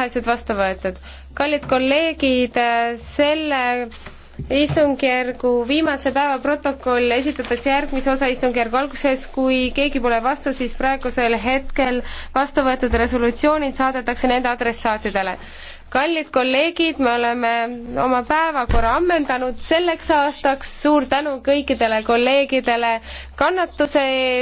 vähesed vastu võetud. kallid kolleegid, selle istungjärgu viimase päeva protokoll esitatakse järgmise osa istungjärgu alguses, kui keegi pole vastu, siis praegusel hetkel vastu võetud resolutsioonid saadetakse nende adressaatidele. kallid kolleegid, me oleme oma päevakorra ammendanud selleks aastaks, suur tänu kõikidele kolleegidele kannatuse eest.